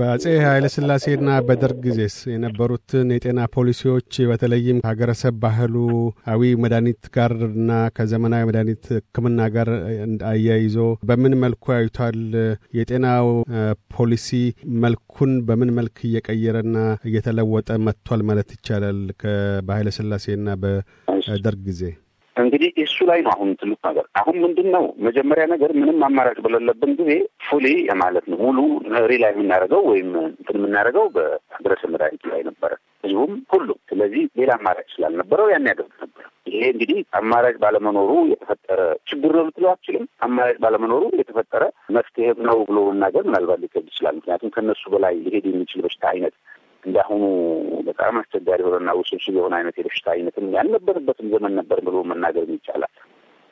በአጼ ስላሴና በደርግ ጊዜስ የነበሩትን የጤና ፖሊሲዎች በተለይም ሀገረሰብ ባህላዊ መድኃኒት ጋርና ከዘመናዊ መድኃኒት ሕክምና ጋር አያይዞ በምን መልኩ ያዩቷል? የጤናው ፖሊሲ መልኩን በምን መልክ እየቀየረና እየተለወጠ መጥቷል ማለት ይቻላል? በኃይለሥላሴና በደርግ ጊዜ እንግዲህ እሱ ላይ ነው አሁን ትልቅ ነገር። አሁን ምንድን ነው መጀመሪያ ነገር ምንም አማራጭ በሌለብን ጊዜ ፉሊ ማለት ነው ሙሉ ላይ የምናደርገው ወይም እንትን የምናደርገው በህብረተሰብ መድኃኒት ላይ ነበረ፣ ህዝቡም ሁሉ። ስለዚህ ሌላ አማራጭ ስላልነበረው ያን ያደርግ ነበር። ይሄ እንግዲህ አማራጭ ባለመኖሩ የተፈጠረ ችግር ነው ልትለው አችልም። አማራጭ ባለመኖሩ የተፈጠረ መፍትሄ ነው ብሎ መናገር ምናልባት ሊከብድ ይችላል። ምክንያቱም ከእነሱ በላይ ሊሄድ የሚችል በሽታ አይነት እንዳሁኑ በጣም አስቸጋሪ የሆነና ውስብስብ የሆነ አይነት የበሽታ አይነትም ያልነበረበትም ዘመን ነበር ብሎ መናገር ይቻላል።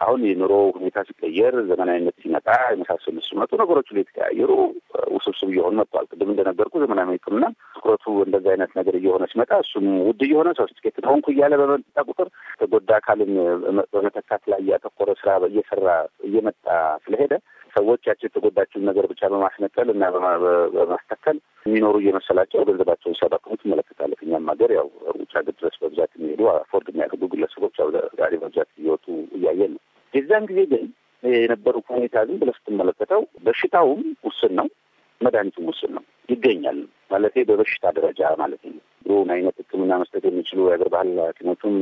አሁን የኑሮ ሁኔታ ሲቀየር ዘመናዊነት ሲመጣ የመሳሰሉ ሲመጡ ነገሮች ላይ የተቀያየሩ ውስብስብ እየሆኑ መጥተዋል። ቅድም እንደነገርኩ ዘመናዊ ሕክምና ትኩረቱ እንደዚህ አይነት ነገር እየሆነ ሲመጣ እሱም ውድ እየሆነ ሰርቲፊኬት ሆንኩ እያለ በመጣ ቁጥር ተጎዳ አካልን በመተካት ላይ ያተኮረ ስራ እየሰራ እየመጣ ስለሄደ ሰዎች ያቸው የተጎዳቸውን ነገር ብቻ በማስነቀል እና በማስተከል የሚኖሩ እየመሰላቸው ገንዘባቸውን ሲያባክሙ ትመለከታለህ። እኛም ሀገር ያው ውጭ ሀገር ድረስ በብዛት የሚሄዱ አፎርድ የሚያደርጉ ግለሰቦች ዛሬ በብዛት እየወጡ እያየን ነው። የዛን ጊዜ ግን የነበሩ ሁኔታ ግን ብለህ ስትመለከተው በሽታውም ውስን ነው፣ መድኃኒቱም ውስን ነው ይገኛል ማለት በበሽታ ደረጃ ማለት ነው። ይሁን አይነት ሕክምና መስጠት የሚችሉ የአገር ባህል ሐኪሞቹም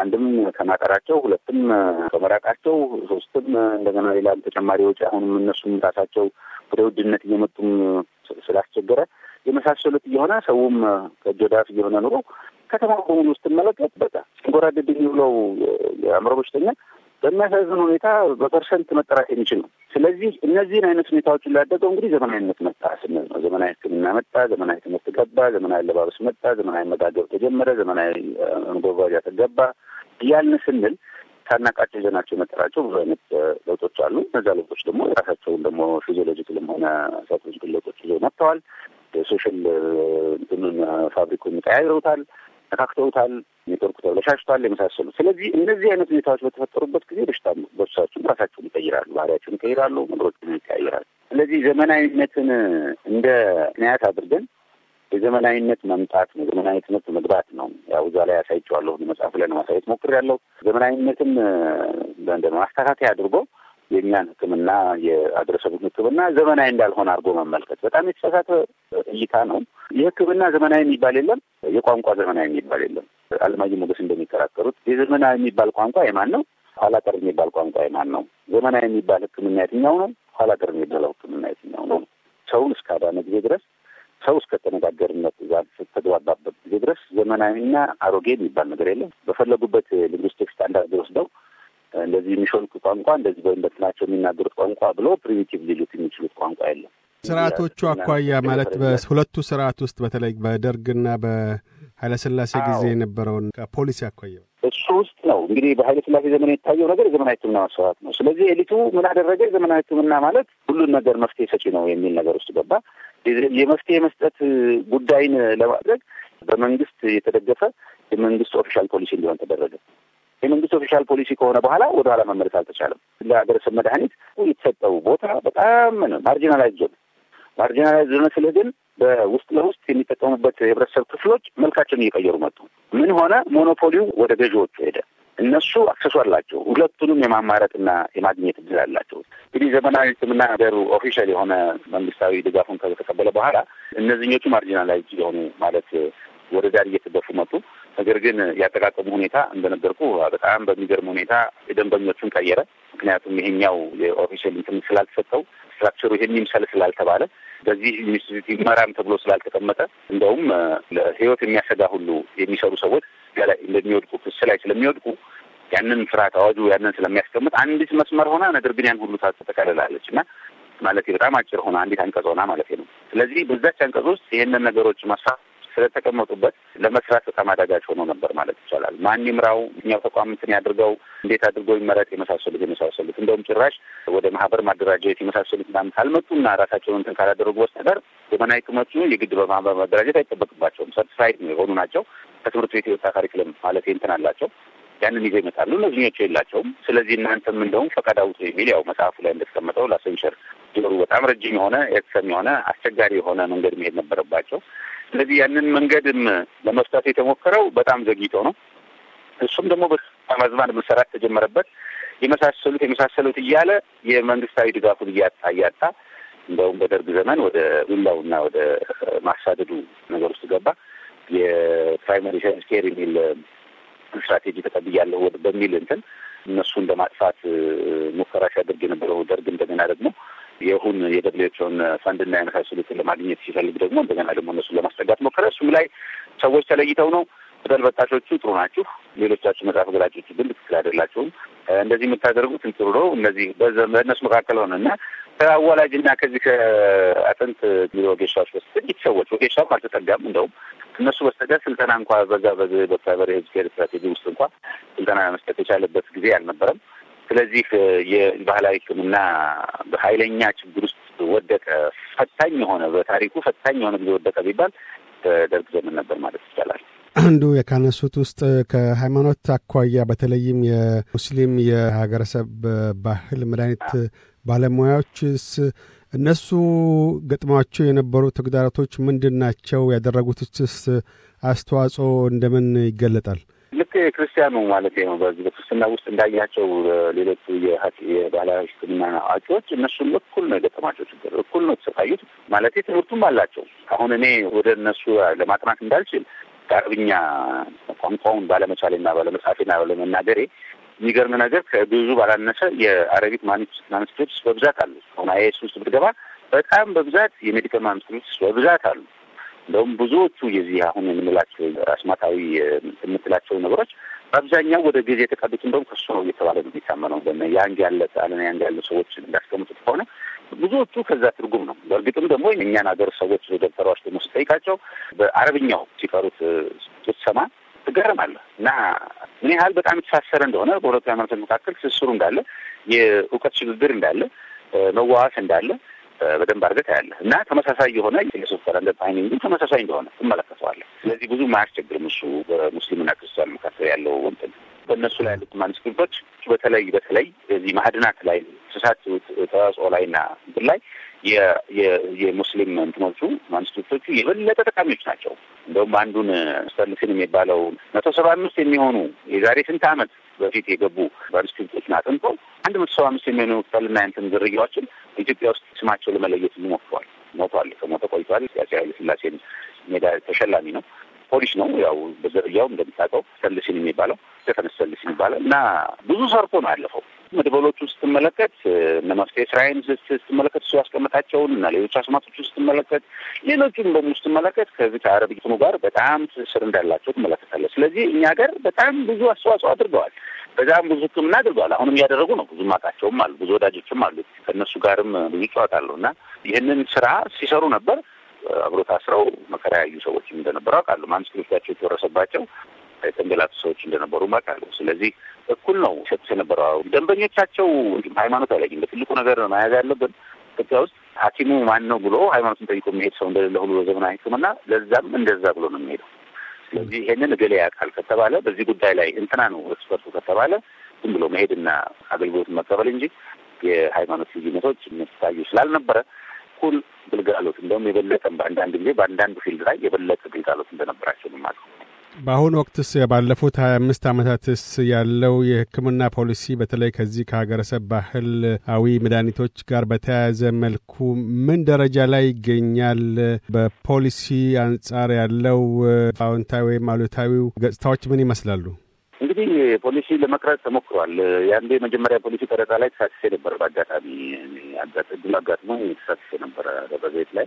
አንድም ከማጠራቸው፣ ሁለትም ከመራቃቸው፣ ሶስትም እንደገና ሌላ ተጨማሪ ወጪ አሁንም እነሱም ራሳቸው ወደ ውድነት እየመጡም ስላስቸገረ የመሳሰሉት እየሆነ ሰውም ከጆዳፍ እየሆነ ኑሮ ከተማ በሙሉ ስትመለከት በቃ ጎራደድ የሚውለው የአእምሮ በሽተኛ በሚያሳዝን ሁኔታ በፐርሰንት መጠራት የሚችል ነው። ስለዚህ እነዚህን አይነት ሁኔታዎችን ላያደገው እንግዲህ ዘመናዊነት መጣ ስንል ነው። ዘመናዊ ሕክምና መጣ፣ ዘመናዊ ትምህርት ገባ፣ ዘመናዊ አለባበስ መጣ፣ ዘመናዊ አመጋገብ ተጀመረ፣ ዘመናዊ መጓጓዣ ተገባ እያልን ስንል ታናቃቸው ይዘናቸው የመጠራቸው ብዙ አይነት ለውጦች አሉ። እነዚያ ለውጦች ደግሞ የራሳቸውን ደግሞ ፊዚዮሎጂክልም ሆነ ሳይኮሎጂክል ለውጦች ይዘው መጥተዋል። ሶሻል እንትኑን ፋብሪኩን ቀያይረውታል። ነካክተውታል፣ ኔትወርኩ ተብለሻሽቷል የመሳሰሉ ስለዚህ እነዚህ አይነት ሁኔታዎች በተፈጠሩበት ጊዜ በሽታ በሽታችሁን ራሳቸውን ይቀይራሉ፣ ባህሪያቸውን ይቀይራሉ፣ ምድሮችን ይቀይራሉ። ስለዚህ ዘመናዊነትን እንደ ምክንያት አድርገን የዘመናዊነት መምጣት ነው። ዘመናዊ ትምህርት መግባት ነው። ያው እዛ ላይ ያሳይቸዋለሁ መጽሐፍ ላይ ለማሳየት ያለው ዘመናዊነትም እንደ ማስተካከያ አድርጎ የእኛን ሕክምና የአድረሰቡን ሕክምና ዘመናዊ እንዳልሆነ አድርጎ መመልከት በጣም የተሳሳተ እይታ ነው። የህክምና ዘመናዊ የሚባል የለም። የቋንቋ ዘመናዊ የሚባል የለም። አለማየሁ ሞገስ እንደሚከራከሩት የዘመናዊ የሚባል ቋንቋ የማን ነው? ኋላ ቀር የሚባል ቋንቋ የማን ነው? ዘመናዊ የሚባል ህክምና የትኛው ነው? ኋላ ቀር የሚባለው ህክምና የትኛው ነው? ሰውን እስካዳነ ጊዜ ድረስ ሰው እስከተነጋገርነት ዛን ስተግባባበት ጊዜ ድረስ ዘመናዊና አሮጌ የሚባል ነገር የለም። በፈለጉበት ሊንግስቲክ ስታንዳርድ ወስደው እንደዚህ የሚሾልክ ቋንቋ እንደዚህ በእንደትናቸው የሚናገሩት ቋንቋ ብሎ ፕሪሚቲቭ ሊሉት የሚችሉት ቋንቋ የለም። ስርዓቶቹ አኳያ ማለት በሁለቱ ስርዓት ውስጥ በተለይ በደርግና በኃይለስላሴ ጊዜ የነበረውን ፖሊሲ አኳያ እሱ ውስጥ ነው እንግዲህ በኃይለ ስላሴ ዘመን የታየው ነገር የዘመናዊ ሕክምና መስፋፋት ነው። ስለዚህ ኤሊቱ ምን አደረገ? የዘመናዊ ሕክምና ማለት ሁሉን ነገር መፍትሄ ሰጪ ነው የሚል ነገር ውስጥ ገባ። የመፍትሄ መስጠት ጉዳይን ለማድረግ በመንግስት የተደገፈ የመንግስት ኦፊሻል ፖሊሲ እንዲሆን ተደረገ። የመንግስት ኦፊሻል ፖሊሲ ከሆነ በኋላ ወደ ኋላ መመለስ አልተቻለም። ለሀገረሰብ መድኃኒት የተሰጠው ቦታ በጣም ማርጂናላይዝ ዞን ማርጂናላይዝ ስለ ግን በውስጥ ለውስጥ የሚጠቀሙበት የህብረተሰብ ክፍሎች መልካቸውን እየቀየሩ መጡ። ምን ሆነ? ሞኖፖሊው ወደ ገዢዎቹ ሄደ። እነሱ አክሰሱ አላቸው። ሁለቱንም የማማረጥና የማግኘት እድል አላቸው። እንግዲህ ዘመናዊ ሕክምና ነገሩ ኦፊሻል የሆነ መንግስታዊ ድጋፉን ከተቀበለ በኋላ እነዚህኞቹ ማርጂናላይዝ የሆኑ ማለት ወደ ዳር እየተገፉ መጡ። ነገር ግን ያጠቃቀሙ ሁኔታ እንደነገርኩ በጣም በሚገርም ሁኔታ የደንበኞቹን ቀየረ። ምክንያቱም ይሄኛው የኦፊሻል እንትን ስላልተሰጠው ስትራክቸሩ ይሄን ይምሰል ስላልተባለ በዚህ ኢንስቲትዩት ይመራም ተብሎ ስላልተቀመጠ እንደውም ለህይወት የሚያሰጋ ሁሉ የሚሰሩ ሰዎች ገላይ እንደሚወድቁ ክስ ላይ ስለሚወድቁ ያንን ፍርሃት አዋጁ ያንን ስለሚያስቀምጥ አንዲት መስመር ሆና ነገር ግን ያን ሁሉ ተጠቃልላለች እና ማለት በጣም አጭር ሆና አንዲት አንቀጽ ሆና ማለት ነው። ስለዚህ በዛች አንቀጽ ውስጥ ይህንን ነገሮች ማስፋት ስለተቀመጡበት ለመስራት በጣም አዳጋች ሆኖ ነበር ማለት ይቻላል። ማን ይምራው፣ እኛው ተቋም እንትን ያድርገው፣ እንዴት አድርጎ ይመረጥ፣ የመሳሰሉት የመሳሰሉት እንደውም ጭራሽ ወደ ማህበር ማደራጀት የመሳሰሉት ምናምን ካልመጡና ራሳቸውን እንትን ካላደረጉ በስተቀር ዘመናዊ ክመቱ የግድ በማህበር ማደራጀት አይጠበቅባቸውም። ሰርቲፋይድ ነው የሆኑ ናቸው። ከትምህርት ቤት የወጣ ካሪክለም ማለት እንትን አላቸው ያንን ይዘው ይመጣሉ። እነዚኞቹ የላቸውም። ስለዚህ እናንተም እንደውም ፈቃድ አውጡ የሚል ያው መጽሐፉ ላይ እንደተቀመጠው ላሰንሸር ጆሩ በጣም ረጅም የሆነ ኤክሰም የሆነ አስቸጋሪ የሆነ መንገድ መሄድ ነበረባቸው። ስለዚህ ያንን መንገድም ለመፍታት የተሞከረው በጣም ዘግይቶ ነው። እሱም ደግሞ በማዝማድ መሰራት ተጀመረበት። የመሳሰሉት የመሳሰሉት እያለ የመንግስታዊ ድጋፉን እያጣ እያጣ እንደውም በደርግ ዘመን ወደ ዱላውና ወደ ማሳደዱ ነገር ውስጥ ገባ። የፕራይመሪ ሳይንስ ኬር የሚል ስትራቴጂ ተቀብያለሁ በሚል እንትን እነሱን ለማጥፋት ሙከራ ሲያደርግ የነበረው ደርግ እንደገና ደግሞ የሁን የደብሊውኤችኦን ፈንድና የመሳሰሉትን ለማግኘት ሲፈልግ ደግሞ እንደገና ደግሞ እነሱን ለማስጠጋት ሞከረ። እሱም ላይ ሰዎች ተለይተው ነው በጠልበጣሾቹ ጥሩ ናችሁ፣ ሌሎቻችሁ መጽሐፍ ገላጮቹ ግን ትክክል አይደላችሁም፣ እንደዚህ የምታደርጉት ጥሩ ነው፣ እነዚህ በእነሱ መካከል ሆነ እና ከአዋላጅ ከአዋላጅና ከዚህ ከአጥንት ቢሮ ወጌሻዎች በስተቀር ጥቂት ሰዎች ወጌሻውም አልተጠጋም። እንደውም እነሱ በስተቀር ስልጠና እንኳ በዛ በዚህ በፕራይቨሪ ሄልዝ ኬር ስትራቴጂ ውስጥ እንኳ ስልጠና መስጠት የቻለበት ጊዜ አልነበረም። ስለዚህ የባህላዊ ሕክምና በኃይለኛ ችግር ውስጥ ወደቀ። ፈታኝ የሆነ በታሪኩ ፈታኝ የሆነ ጊዜ ወደቀ ቢባል ደርግ ዘመን ነበር ማለት ይቻላል። አንዱ የካነሱት ውስጥ ከሃይማኖት አኳያ በተለይም የሙስሊም የሀገረሰብ ባህል መድኃኒት ባለሙያዎችስ እነሱ ገጥሟቸው የነበሩ ተግዳሮቶች ምንድን ናቸው? ያደረጉትስ አስተዋጽኦ እንደምን ይገለጣል? ክርስቲያኑ ማለት ነው። በዚህ በክርስትና ውስጥ እንዳያቸው ሌሎቹ የባህላዊ ሕክምና አዋቂዎች እነሱም እኩል ነው የገጠማቸው ችግር፣ እኩል ነው የተሰቃዩት። ማለት ትምህርቱም አላቸው። አሁን እኔ ወደ እነሱ ለማጥናት እንዳልችል ከአረብኛ ቋንቋውን ባለመቻሌና ባለመጻፌና ባለመናገሬ የሚገርም ነገር ከብዙ ባላነሰ የአረቢክ ማኑስክሪፕትስ በብዛት አሉ። አሁን አይኤስ ውስጥ ብትገባ በጣም በብዛት የሜዲካል ማኑስክሪፕትስ በብዛት አሉ። እንደውም ብዙዎቹ የዚህ አሁን የምንላቸው አስማታዊ የምትላቸው ነገሮች በአብዛኛው ወደ ጊዜ የተቀዱት እንደውም ከሱ ነው እየተባለ ነው የሚታመነው። በነ ያንግ ያለ ጣለ ያንግ ያለ ሰዎች እንዳስቀምጡት ከሆነ ብዙዎቹ ከዛ ትርጉም ነው። በእርግጥም ደግሞ የእኛን ሀገር ሰዎች ደብተሯች ደግሞ ስጠይቃቸው በአረብኛው ሲቀሩት ስትሰማ ትገረማለህ እና ምን ያህል በጣም የተሳሰረ እንደሆነ በሁለቱ ሃይማኖቶች መካከል ትስስሩ እንዳለ የእውቀት ሽግግር እንዳለ መዋዋስ እንዳለ በደንብ አድርገህ ታያለህ እና ተመሳሳይ የሆነ የሱስ ካላንደር ታይሚንግ ተመሳሳይ እንደሆነ ትመለከተዋለህ። ስለዚህ ብዙ ማያስቸግርም እሱ በሙስሊምና ክርስቲያን መካከል ያለው እንትን በእነሱ ላይ ያሉት ማንስክሪፕቶች በተለይ በተለይ እዚህ ማዕድናት ላይ እንስሳት ተዋጽኦ ላይ ና እንትን ላይ የሙስሊም እንትኖቹ ማንስክሪፕቶቹ የበለጠ ጠቃሚዎች ናቸው። እንደውም አንዱን ስተልሲን የሚባለው መቶ ሰባ አምስት የሚሆኑ የዛሬ ስንት አመት በፊት የገቡ ባሪስክሪፕቶችን አጥንተው አንድ መቶ ሰባ አምስት የሚሆኑ ፈልናያንትን ዝርያዎችን ኢትዮጵያ ውስጥ ስማቸው ለመለየት ሞክረዋል። ሞቷል፣ ከሞተ ቆይቷል። የአፄ ኃይለ ስላሴን ሜዳ ተሸላሚ ነው። ፖሊስ ነው። ያው በዘርያው እንደምታውቀው ሰልሲን የሚባለው ስቴፈንስ ሰልሲን ይባላል እና ብዙ ሰርቶ ነው ያለፈው። መድበሎቹ ስትመለከት እነ መፍትሄ ስራይን ስትመለከት እሱ ያስቀመጣቸውን እና ሌሎች አስማቶቹ ስትመለከት ሌሎቹን ደግሞ ስትመለከት ከዚህ ከአረብ ትኑ ጋር በጣም ትስስር እንዳላቸው ትመለከታለህ። ስለዚህ እኛ ሀገር በጣም ብዙ አስተዋጽኦ አድርገዋል። በዛም ብዙ ሕክምና አድርገዋል። አሁንም እያደረጉ ነው። ብዙ ማቃቸውም አሉ፣ ብዙ ወዳጆችም አሉ። ከእነሱ ጋርም ብዙ ጨዋታ አለው እና ይህንን ስራ ሲሰሩ ነበር። አብሮ ታስረው መከራ ያዩ ሰዎችም እንደነበሩ አውቃለሁ። ማንስክሪፕታቸው የተወረሰባቸው የተንገላቱ ሰዎች እንደነበሩ አውቃለሁ። ስለዚህ እኩል ነው ሰጡት የነበረው ደንበኞቻቸው። ሃይማኖት አለኝ በትልቁ ነገር መያዝ ያለብን ኢትዮጵያ ውስጥ ሐኪሙ ማን ነው ብሎ ሃይማኖትን ጠይቆ የሚሄድ ሰው እንደሌለ ሁሉ በዘመናዊ ሕክምና ለዛም እንደዛ ብሎ ነው የሚሄደው። ስለዚህ ይሄንን እገሌ ያውቃል ከተባለ በዚህ ጉዳይ ላይ እንትና ነው ኤክስፐርቱ ከተባለ ዝም ብሎ መሄድና አገልግሎት መቀበል እንጂ የሃይማኖት ልዩነቶች የሚታዩ ስላልነበረ በኩል ግልጋሎት እንደውም የበለጠም በአንዳንድ ጊዜ በአንዳንድ ፊልድ ላይ የበለጠ ግልጋሎት እንደነበራቸው ማለት ነው። በአሁኑ ወቅትስ ባለፉት ሀያ አምስት ዓመታትስ ያለው የሕክምና ፖሊሲ በተለይ ከዚህ ከሀገረሰብ ባህላዊ መድኃኒቶች ጋር በተያያዘ መልኩ ምን ደረጃ ላይ ይገኛል? በፖሊሲ አንጻር ያለው አዎንታዊ ወይም አሉታዊው ገጽታዎች ምን ይመስላሉ? እንግዲህ ፖሊሲ ለመቅረጽ ተሞክሯል። ያንዴ መጀመሪያ ፖሊሲ ቀረጻ ላይ ተሳትፌ ነበር። በአጋጣሚ እድሉ አጋጥሞ ተሳትፌ ነበረ ደብረ ላይ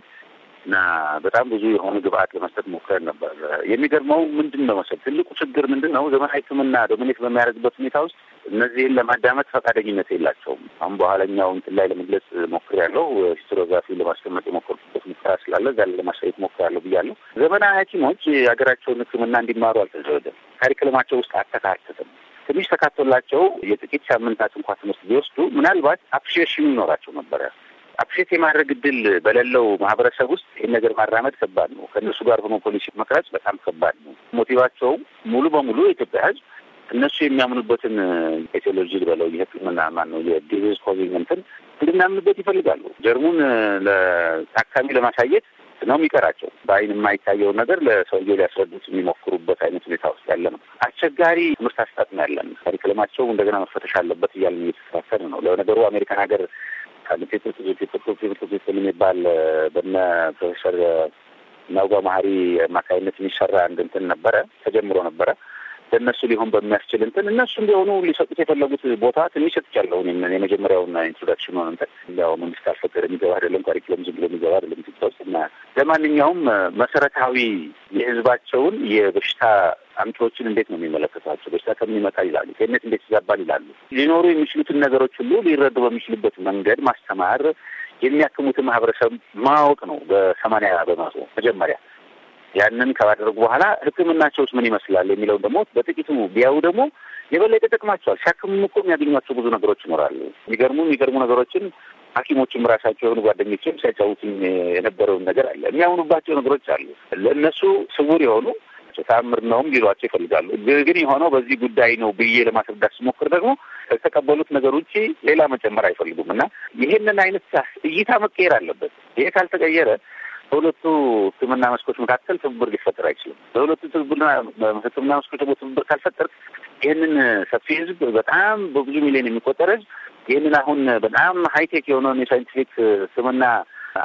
እና በጣም ብዙ የሆኑ ግብአት ለመስጠት ሞክረን ነበር። የሚገርመው ምንድን ነው መሰለህ ትልቁ ችግር ምንድን ነው ዘመናዊ ሕክምና ዶሚኔት በሚያደርግበት ሁኔታ ውስጥ እነዚህን ለማዳመጥ ፈቃደኝነት የላቸውም። አሁን በኋለኛው እንትን ላይ ለመግለጽ ሞክር ያለው ሂስቶሪዮግራፊ ለማስቀመጥ የሞከርኩበት ሙከራ ስላለ እዛ ለማሳየት ሞክር ያለው ብያለሁ። ዘመናዊ ሐኪሞች የሀገራቸውን ሕክምና እንዲማሩ አልተዘወደም። ካሪክለማቸው ውስጥ አልተካተተም። ትንሽ ተካቶላቸው የጥቂት ሳምንታት እንኳ ትምህርት ቢወስዱ ምናልባት አፕሪሺዬሽን ይኖራቸው ነበር አፕሼት የማድረግ እድል በሌለው ማህበረሰብ ውስጥ ይህን ነገር ማራመድ ከባድ ነው። ከእነሱ ጋር ሆኖ ፖሊሲ መቅረጽ በጣም ከባድ ነው። ሞቲቫቸውም ሙሉ በሙሉ የኢትዮጵያ ህዝብ እነሱ የሚያምኑበትን ኢቴሎጂ በለው የህክምና ማን ነው የዲዝ ኮዚንግ እንትን እንድናምንበት ይፈልጋሉ። ጀርሙን ለታካሚ ለማሳየት ነው የሚቀራቸው። በአይን የማይታየውን ነገር ለሰውዬው ሊያስረዱት የሚሞክሩበት አይነት ሁኔታ ውስጥ ያለ ነው። አስቸጋሪ ትምህርት አስጣጥ ነው ያለን። ካሪክለማቸው እንደገና መፈተሽ አለበት እያልን እየተከታተል ነው። ለነገሩ አሜሪካን ሀገር ይተካል። ፒፒፒ የሚባል በነ ፕሮፌሰር ነጎ መሀሪ አማካኝነት የሚሰራ እንድንትን ነበረ ተጀምሮ ነበረ ለእነሱ ሊሆን በሚያስችል እንትን እነሱ እንዲሆኑ ሊሰጡት የፈለጉት ቦታ ትንሽ ሰጥቻለሁ። የመጀመሪያውና ኢንትሮዳክሽን ሆነ እንትን ያው መንግስት አልፈቀደ የሚገባ አይደለም፣ ካሪኩለም ዝም ብሎ የሚገባ አይደለም። ኢትዮጵያ ውስጥ እና ለማንኛውም መሰረታዊ የህዝባቸውን የበሽታ አምጪዎችን እንዴት ነው የሚመለከቷቸው? በሽታ ከሚመጣ ይላሉ፣ ጤንነት እንዴት ይዛባል ይላሉ። ሊኖሩ የሚችሉትን ነገሮች ሁሉ ሊረዱ በሚችሉበት መንገድ ማስተማር የሚያክሙትን ማህበረሰብ ማወቅ ነው። በሰማንያ በመቶ መጀመሪያ ያንን ካደረጉ በኋላ ሕክምናቸውስ ምን ይመስላል የሚለውን ደግሞ በጥቂቱ ቢያዩ ደግሞ የበለጠ ይጠቅማቸዋል። ሲያክሙም እኮ የሚያገኟቸው ብዙ ነገሮች ይኖራሉ። የሚገርሙ የሚገርሙ ነገሮችን ሐኪሞችም ራሳቸው የሆኑ ጓደኞችም ሲያጫውቱኝ የነበረውን ነገር አለ። የሚያምኑባቸው ነገሮች አሉ። ለእነሱ ስውር የሆኑ ተአምር ነውም ሊሏቸው ይፈልጋሉ። ግን የሆነው በዚህ ጉዳይ ነው ብዬ ለማስረዳት ሲሞክር ደግሞ ከተቀበሉት ነገር ውጭ ሌላ መጨመር አይፈልጉም እና ይህንን አይነት እይታ መቀየር አለበት። ይሄ ካልተቀየረ በሁለቱ ሕክምና መስኮች መካከል ትብብር ሊፈጠር አይችልም። በሁለቱ ሕክምና መስኮች ደግሞ ትብብር ካልፈጠር ይህንን ሰፊ ህዝብ በጣም በብዙ ሚሊዮን የሚቆጠር ህዝብ ይህንን አሁን በጣም ሀይቴክ የሆነውን የሳይንቲፊክ ሕክምና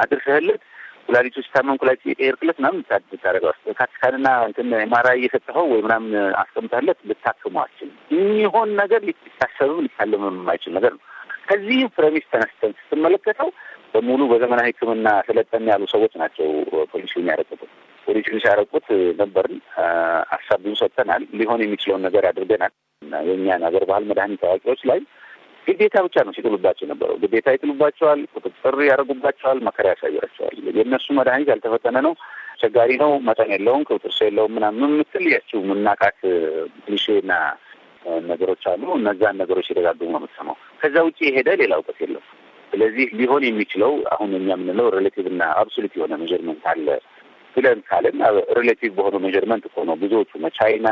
አድርሰህለት ኩላሊቱ ሲታመም ኩላሊት የቀየርክለት ምናምን ታደረገዋል። ካትካንና እንትን ማራይ እየሰጠኸው ወይ ምናምን አስቀምጠህለት ልታክመው አትችልም። የሚሆን ነገር ሊታሰብም ሊታለምም የማይችል ነገር ነው። ከዚህም ፕሬሚስ ተነስተን ስትመለከተው በሙሉ በዘመናዊ ሕክምና ስለጠን ያሉ ሰዎች ናቸው ፖሊሲ የሚያረቁት። ፖሊሲውን ሲያረቁት ነበርን። አሳቢውን ሰጥተናል። ሊሆን የሚችለውን ነገር አድርገናል። የእኛን ሀገር ባህል መድኃኒት ታዋቂዎች ላይ ግዴታ ብቻ ነው ሲጥሉባቸው የነበረው። ግዴታ ይጥሉባቸዋል፣ ቁጥጥር ያደርጉባቸዋል፣ መከራ ያሳዩራቸዋል። የእነሱ መድኃኒት ያልተፈጠነ ነው፣ አስቸጋሪ ነው፣ መጠን የለውም፣ ቁጥጥር ሰው የለውም ምናምን የምትል ያችው ምናቃት ክሊሼና ነገሮች አሉ። እነዛን ነገሮች ሲደጋግሙ ነው የምትሰማው። ከዛ ውጭ የሄደ ሌላ እውቀት የለም። ስለዚህ ሊሆን የሚችለው አሁን እኛ የምንለው ሬሌቲቭ እና አብሶሉት የሆነ ሜዥርመንት አለ ብለን ካለን ሬሌቲቭ በሆነ ሜዥርመንት እኮ ነው ብዙዎቹ ቻይና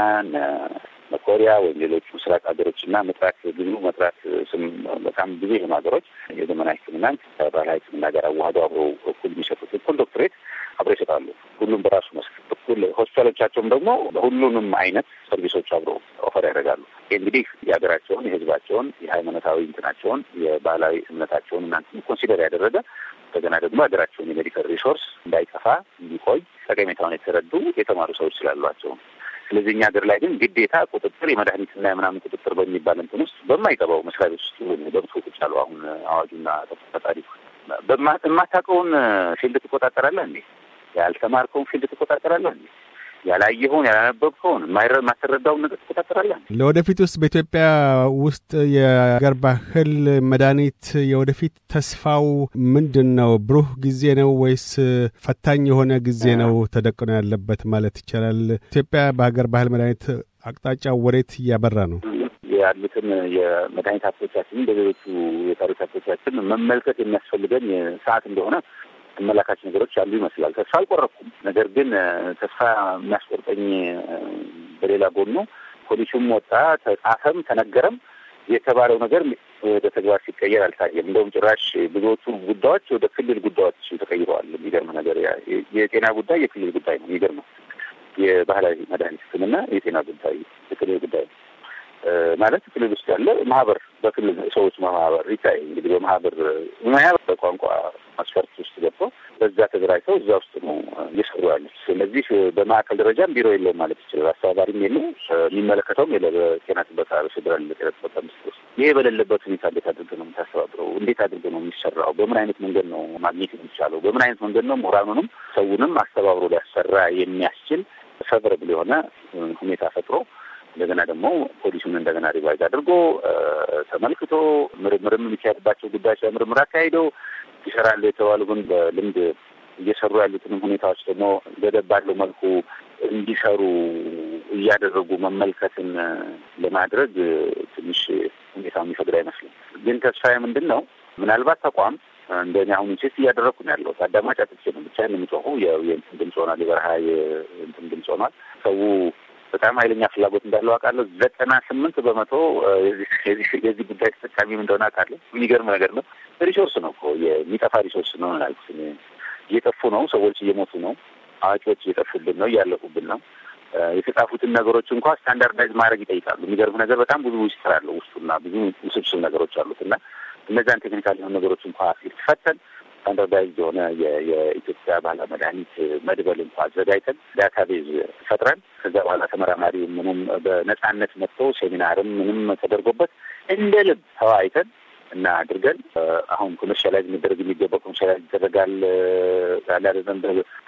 ኮሪያ ወይም ሌሎች ምስራቅ ሀገሮች እና መጥራት ብዙ መጥራት ስም በጣም ብዙ የሆኑ ሀገሮች የዘመናዊ ሕክምናን ከባህላዊ ሕክምና ጋር አዋህዶ አብሮ እኩል የሚሰጡት እኩል ዶክትሬት አብረው ይሰጣሉ። ሁሉም በራሱ መስክ በኩል ሆስፒታሎቻቸውም ደግሞ ሁሉንም አይነት ሰርቪሶች አብረው ኦፈር ያደርጋሉ። ይህ እንግዲህ የሀገራቸውን፣ የህዝባቸውን፣ የሃይማኖታዊ እንትናቸውን፣ የባህላዊ እምነታቸውን እናንትን ኮንሲደር ያደረገ እንደገና ደግሞ ሀገራቸውን የሜዲካል ሪሶርስ እንዳይጠፋ እንዲቆይ ጠቀሜታውን የተረዱ የተማሩ ሰዎች ስላሏቸው ስለዚህ እኛ ሀገር ላይ ግን ግዴታ ቁጥጥር የመድኃኒትና የምናምን ቁጥጥር በሚባል እንትን ውስጥ በማይገባው መስሪያ ቤት ውስጥ ገብቶ ቁጭ አሉ። አሁን አዋጁና ተፈጣሪ በማታውቀውን ፊልድ ትቆጣጠራለህ እንዴ? ያልተማርከውን ፊልድ ትቆጣጠራለህ። ያላየኸውን ያላነበብከውን የማትረዳውን ነገር ትቆጣጠራለህ። ለወደፊት ውስጥ በኢትዮጵያ ውስጥ የአገር ባህል መድኃኒት የወደፊት ተስፋው ምንድን ነው? ብሩህ ጊዜ ነው ወይስ ፈታኝ የሆነ ጊዜ ነው ተደቅኖ ያለበት ማለት ይቻላል? ኢትዮጵያ በሀገር ባህል መድኃኒት አቅጣጫ ወዴት እያበራ ነው? ያሉትን የመድኃኒት ሀብቶቻችንን በሌሎቹ የታሪክ ሀብቶቻችን መመልከት የሚያስፈልገን ሰዓት እንደሆነ አመላካች ነገሮች ያሉ ይመስላል። ተስፋ አልቆረኩም። ነገር ግን ተስፋ የሚያስቆርጠኝ በሌላ ጎኑ ፖሊሱም ወጣ፣ ተጻፈም፣ ተነገረም የተባለው ነገር ወደ ተግባር ሲቀየር አልታየም። እንደውም ጭራሽ ብዙዎቹ ጉዳዮች ወደ ክልል ጉዳዮች ተቀይረዋል። የሚገርም ነገር የጤና ጉዳይ የክልል ጉዳይ ነው። የሚገርም የባህላዊ መድኃኒት ሕክምና የጤና ጉዳይ የክልል ጉዳይ ነው። ማለት ክልል ውስጥ ያለ ማህበር በክልል ሰዎች ማህበር ሪካይ እንግዲህ በማህበር ሙያ በቋንቋ ማስፈርት ውስጥ ገብቶ በዛ ተደራጅተው እዛ ውስጥ ነው እየሰሩ ያሉት። ስለዚህ በማዕከል ደረጃም ቢሮ የለውም ማለት ይችላል። አስተባባሪም የለ፣ የሚመለከተውም የለ። በጤና ጥበቃ በፌዴራል በጤና ጥበቃ ሚኒስቴር ውስጥ ይሄ በሌለበት ሁኔታ እንዴት አድርገ ነው የምታስተባብረው? እንዴት አድርገ ነው የሚሰራው? በምን አይነት መንገድ ነው ማግኘት የሚቻለው? በምን አይነት መንገድ ነው ምሁራኑንም ሰውንም አስተባብሮ ሊያሰራ የሚያስችል ሰብረብል የሆነ ሁኔታ ፈጥሮ እንደገና ደግሞ ፖሊሱን እንደገና ሪቫይዝ አድርጎ ተመልክቶ ምርምርም የሚካሄድባቸው ጉዳዮች ለምርምር አካሂደው ይሰራሉ የተባሉትን በልምድ እየሰሩ ያሉትንም ሁኔታዎች ደግሞ ገደብ ባለው መልኩ እንዲሰሩ እያደረጉ መመልከትን ለማድረግ ትንሽ ሁኔታ የሚፈቅድ አይመስልም። ግን ተስፋ ምንድን ነው ምናልባት ተቋም እንደኔ አሁን ኢንሴስት እያደረግኩ ነው ያለሁት አዳማጭ አጥቼ ነው ብቻ የምጮሁ የእንትን ድምፅ ሆኗል፣ የበረሃ የእንትን ድምፅ ሆኗል ሰው በጣም ኃይለኛ ፍላጎት እንዳለው አውቃለሁ። ዘጠና ስምንት በመቶ የዚህ ጉዳይ ተጠቃሚ እንደሆነ አውቃለሁ። የሚገርም ነገር ነው። ሪሶርስ ነው እኮ የሚጠፋ ሪሶርስ ነው እየጠፉ ነው፣ ሰዎች እየሞቱ ነው፣ አዋቂዎች እየጠፉብን ነው፣ እያለፉብን ነው። የተጻፉትን ነገሮች እንኳ ስታንዳርዳይዝ ማድረግ ይጠይቃሉ። የሚገርም ነገር በጣም ብዙ ሚስጥር አለው ውስጡና ብዙ ውስብስብ ነገሮች አሉት እና እነዛን ቴክኒካል የሆኑ ነገሮች እንኳ ሲፈተን ስታንዳርዳይዝ የሆነ የኢትዮጵያ ባህላዊ መድኃኒት መድበል እንኳ አዘጋጅተን ዳታቤዝ ፈጥረን ከዛ በኋላ ተመራማሪ ምንም በነፃነት መጥቶ ሴሚናርም ምንም ተደርጎበት እንደ ልብ ተዋይተን እና አድርገን አሁን ኮመርሻላይዝ የሚደረግ የሚገባው ኮመርሻላይዝ ይደረጋል። አላደዘን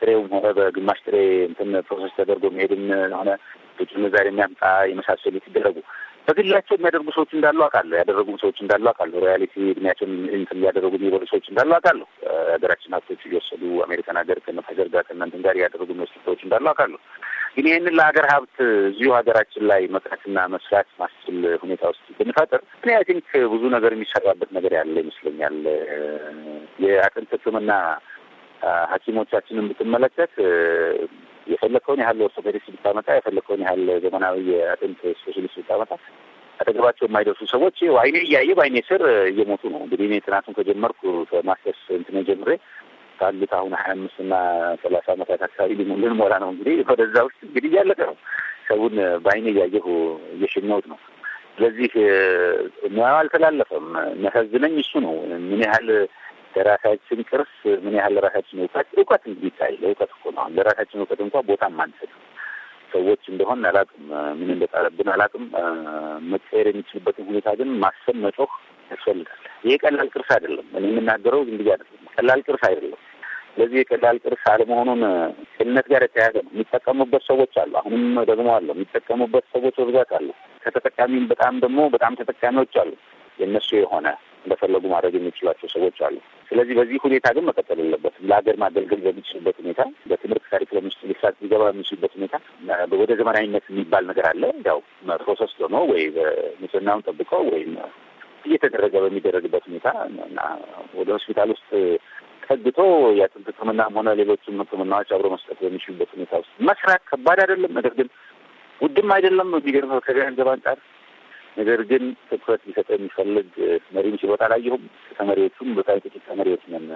ጥሬውም ሆነ በግማሽ ጥሬ እንትን ፕሮሰስ ተደርጎ መሄድም ሆነ ውጭ ምንዛሪ የሚያምጣ የመሳሰሉ ይደረጉ በግላቸው የሚያደርጉ ሰዎች እንዳሉ አውቃለሁ። ያደረጉም ሰዎች እንዳሉ አውቃለሁ። ሪያሊቲ እድሜያቸውን እንትን እያደረጉ የሚበሉ ሰዎች እንዳሉ አውቃለሁ። ሀገራችን ሀብቶች እየወሰዱ አሜሪካን ሀገር ከመፈገር ጋር ከእናንትን ጋር እያደረጉ የሚወስዱ ሰዎች እንዳሉ አውቃለሁ። ግን ይህንን ለሀገር ሀብት እዚሁ ሀገራችን ላይ መቅረትና መስራት ማስችል ሁኔታ ውስጥ ብንፈጥር እኔ አይ ቲንክ ብዙ ነገር የሚሰራበት ነገር ያለ ይመስለኛል። የአጥንት ሕክምና ሐኪሞቻችንን ብትመለከት የፈለከውን ያህል ኦርቶፔዲክስ ብታመጣ፣ የፈለከውን ያህል ዘመናዊ የአጥንት ስፔሻሊስት ብታመጣ አጠገባቸው የማይደርሱ ሰዎች አይኔ እያየ በአይኔ ስር እየሞቱ ነው። እንግዲህ እኔ ጥናቱን ከጀመርኩ ከማስተርስ እንትን ጀምሬ ካሉት አሁን ሀያ አምስት እና ሰላሳ ዓመታት አካባቢ ልንሞላ ነው። እንግዲህ ወደዛ ውስጥ እንግዲህ እያለቀ ነው። ሰውን በአይኔ እያየሁ እየሸኘሁት ነው። ስለዚህ ሙያው አልተላለፈም። የሚያሳዝነኝ እሱ ነው። ምን ያህል ለራሳችን ቅርስ ምን ያህል ለራሳችን እውቀት እውቀት እንዲታይ ለእውቀት እኮ ነው። ለራሳችን እውቀት እንኳ ቦታ ማንሰጥ ሰዎች እንደሆን አላቅም፣ ምን እንደጣለብን አላቅም። መቀየር የሚችልበትን ሁኔታ ግን ማሰብ መጮህ ያስፈልጋል። ይሄ ቀላል ቅርስ አይደለም። እኔ የምናገረው ዝም ብዬ አይደለም። ቀላል ቅርስ አይደለም። ስለዚህ የቀላል ቅርስ አለመሆኑን ቅንነት ጋር የተያያዘ ነው። የሚጠቀሙበት ሰዎች አሉ። አሁንም ደግሞ አለ የሚጠቀሙበት ሰዎች በብዛት አሉ። ከተጠቃሚም በጣም ደግሞ በጣም ተጠቃሚዎች አሉ። የእነሱ የሆነ እንደፈለጉ ማድረግ የሚችሏቸው ሰዎች አሉ። ስለዚህ በዚህ ሁኔታ ግን መቀጠል የለበትም። ለሀገር ማገልገል በሚችልበት ሁኔታ በትምህርት ካሪኩለም ውስጥ ሊሳት ሊገባ በሚችልበት ሁኔታ ወደ ዘመናዊነት የሚባል ነገር አለ። ያው ፕሮሰስ ሆኖ ወይ ንጽህናውን ጠብቆ ወይም እየተደረገ በሚደረግበት ሁኔታ እና ወደ ሆስፒታል ውስጥ ተግቶ የአጥንት ሕክምናም ሆነ ሌሎችም ሕክምናዎች አብሮ መስጠት በሚችሉበት ሁኔታ ውስጥ መስራት ከባድ አይደለም። ነገር ግን ውድም አይደለም። የሚገርመው ከገንዘብ አንጻር ነገር ግን ትኩረት ሊሰጠ የሚፈልግ መሪም ሲወጣ አላየሁም። ከተመሪዎቹም በጣም ጥቂት ተመሪዎች ነን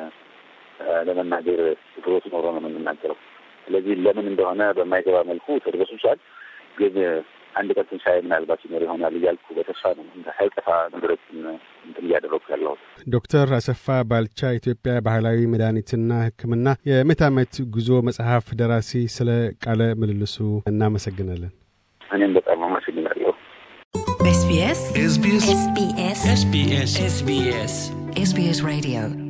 ለመናገር ትኩረቱ ኖሮ ነው የምንናገረው። ስለዚህ ለምን እንደሆነ በማይገባ መልኩ ተድበሱቻል። ግን አንድ ቀን ትንሣኤ ምናልባት ሲኖር ይሆናል እያልኩ በተስፋ ነው ሳይጠፋ ነገሮችን እንትን እያደረጉ ያለሁት። ዶክተር አሰፋ ባልቻ ኢትዮጵያ ባህላዊ መድኃኒትና ሕክምና የምዕተ ዓመት ጉዞ መጽሐፍ ደራሲ፣ ስለ ቃለ ምልልሱ እናመሰግናለን። እኔም በጣም አመሰግናለሁ። SBS SBS SBS SBS SBS SBS Radio